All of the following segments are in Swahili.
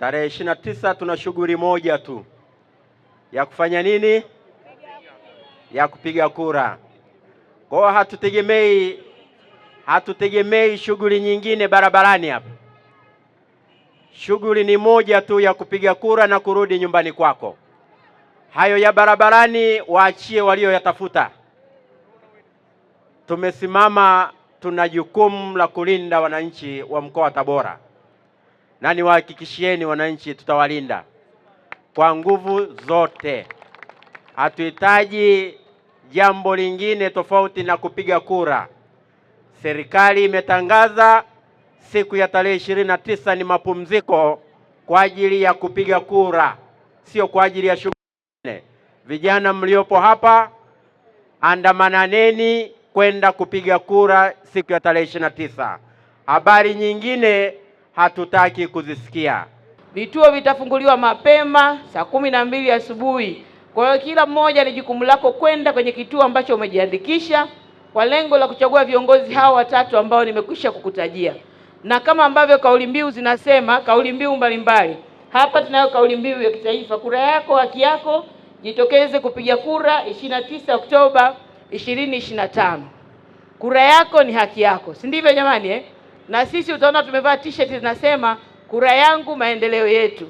Tarehe ishirini na tisa tuna shughuli moja tu ya kufanya nini? Ya kupiga kura. Kwa hiyo hatutegemei hatutegemei shughuli nyingine barabarani hapa. Shughuli ni moja tu ya kupiga kura na kurudi nyumbani kwako. Hayo ya barabarani waachie walioyatafuta. Tumesimama, tuna jukumu la kulinda wananchi wa mkoa wa Tabora na niwahakikishieni wananchi, tutawalinda kwa nguvu zote. Hatuhitaji jambo lingine tofauti na kupiga kura. Serikali imetangaza siku ya tarehe ishirini na tisa ni mapumziko kwa ajili ya kupiga kura, sio kwa ajili ya shughuli nyingine. Vijana mliopo hapa, andamananeni kwenda kupiga kura siku ya tarehe ishirini na tisa. Habari nyingine hatutaki kuzisikia. Vituo vitafunguliwa mapema saa kumi na mbili asubuhi. Kwa hiyo kila mmoja ni jukumu lako kwenda kwenye kituo ambacho umejiandikisha kwa lengo la kuchagua viongozi hawa watatu ambao nimekwisha kukutajia, na kama ambavyo kauli mbiu zinasema, kauli mbiu mbalimbali hapa tunayo kauli mbiu ya kitaifa, kura yako haki yako, jitokeze kupiga kura 29 Oktoba 2025. Kura yako ni haki yako, si ndivyo jamani eh? na sisi utaona tumevaa t-shirt zinasema kura yangu maendeleo yetu,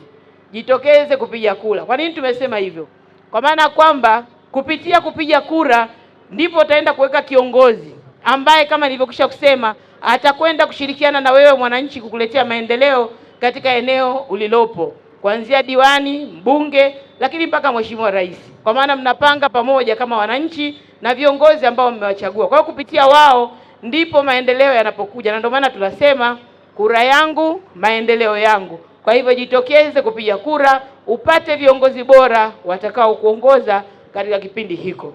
jitokeze kupiga kura. Kwa nini tumesema hivyo? Kwa maana kwamba kupitia kupiga kura ndipo utaenda kuweka kiongozi ambaye kama nilivyokwisha kusema atakwenda kushirikiana na wewe mwananchi kukuletea maendeleo katika eneo ulilopo, kuanzia diwani, mbunge, lakini mpaka mheshimiwa rais, kwa maana mnapanga pamoja kama wananchi na viongozi ambao mmewachagua. Kwa hiyo kupitia wao ndipo maendeleo yanapokuja, na ndio maana tunasema kura yangu maendeleo yangu. Kwa hivyo jitokeze kupiga kura, upate viongozi bora watakao kuongoza katika kipindi hiko.